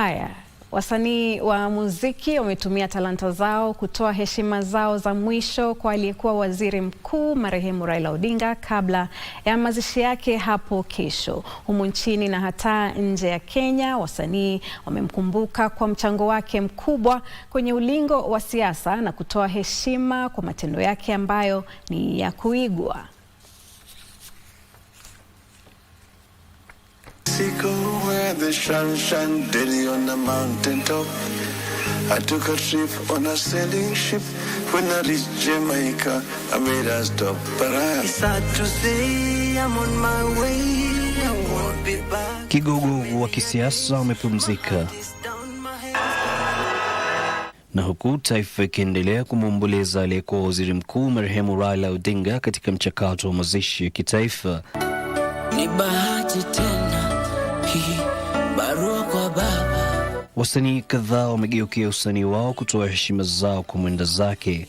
Haya, wasanii wa muziki wametumia talanta zao kutoa heshima zao za mwisho kwa aliyekuwa waziri mkuu marehemu Raila Odinga kabla ya mazishi yake hapo kesho. Humu nchini na hata nje ya Kenya, wasanii wamemkumbuka kwa mchango wake mkubwa kwenye ulingo wa siasa na kutoa heshima kwa matendo yake ambayo ni ya kuigwa heavy sunshine daily on the mountain top. I took a trip on a sailing ship. When I reached Jamaica, I made a stop. But I... It's sad to say I'm on my way. I won't be back. Kigogo wa kisiasa wamepumzika na huku taifa ikiendelea kumwomboleza aliyekuwa waziri mkuu marehemu Raila Odinga katika mchakato wa mazishi ya kitaifa. Ni bahati tena hii. Wasanii kadhaa wamegeukia usanii wao kutoa heshima zao kwa mwenda zake.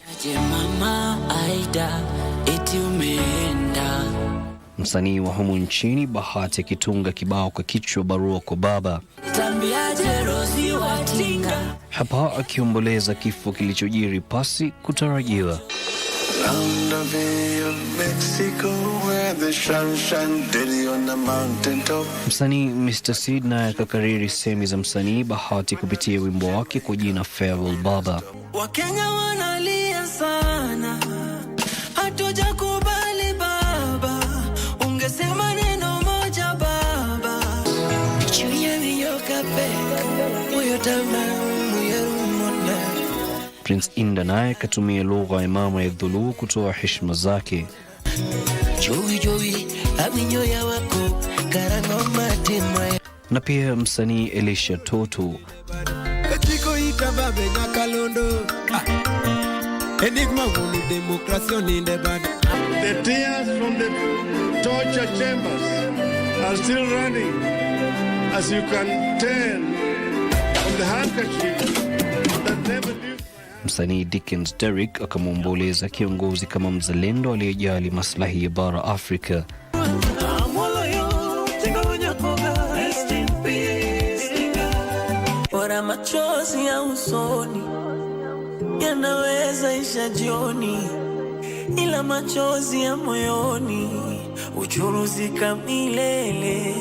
Msanii wa humu nchini Bahati akitunga kibao kwa kichwa barua kwa baba, hapa akiomboleza kifo kilichojiri pasi kutarajiwa. Round of Mexico where the daily on the mountain top. Msanii Mr Sid naye akakariri semi za msanii Bahati kupitia wimbo wake kwa jina Farewell Baba. Wakenya wanalia sana. Hatujakubali baba. Ungesema neno moja baba. Chuya pek. tamaa. Prince Inda naye katumia lugha ya mama ya Dhulu kutoa heshima zake. Na pia msanii Elisha ah. Toto As you can tell, the handkerchief that never knew. Msanii Dickens Derrick akamwomboleza kiongozi kama mzalendo aliyejali maslahi ya bara Afrika. Machozi ya usoni yanaweza isha jioni, ila machozi ya moyoni uchuruzika milele.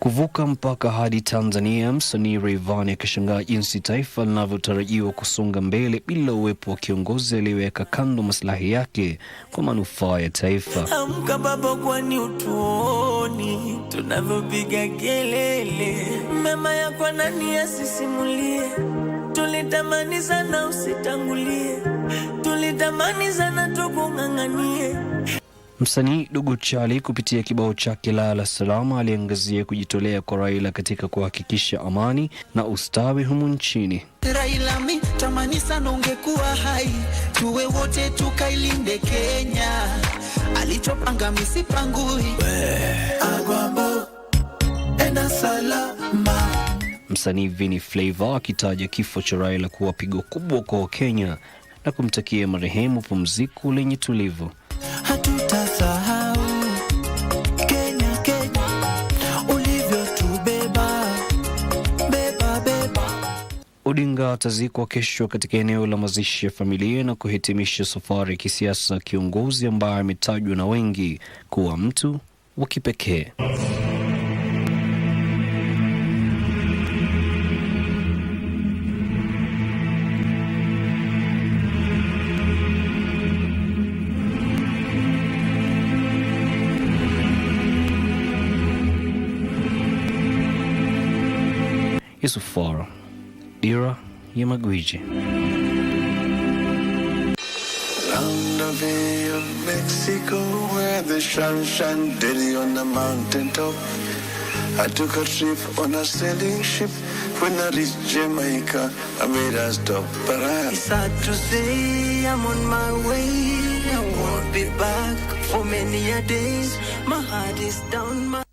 Kuvuka mpaka hadi Tanzania, msanii Rayvanny akishangaa jinsi taifa linavyotarajiwa kusonga mbele bila uwepo wa kiongozi aliyeweka kando maslahi yake kwa manufaa ya taifa. Amka baba, kwani utuoni tunavyopiga kelele? mema yako nani asisimulie? Tulitamani sana usitangulie, tulitamani sana tukung'ang'anie Msanii dugu Chali kupitia kibao chake Lala Salama aliangazia kujitolea kwa Raila katika kuhakikisha amani na ustawi humu nchini. Raila, mi tamani sana ungekuwa hai, tuwe wote tukailinde Kenya, alichopanga misipangui eh. Agwambo salama. Msanii Vini Flavor akitaja kifo cha Raila kuwa pigo kubwa kwa Wakenya na kumtakia marehemu pumziko lenye tulivu. Odinga atazikwa kesho katika eneo la mazishi ya familia na kuhitimisha safari ya kisiasa, kiongozi ambaye ametajwa na wengi kuwa mtu wa kipekee. Yusuf Faro Ira Yamaguchi. Mexico, where the sun daily on the mountain top. I took a trip on a sailing ship. When I reached Jamaica, I made a stop. But I'm sad to say I'm on my way. I won't be back for many a days. My heart is down. My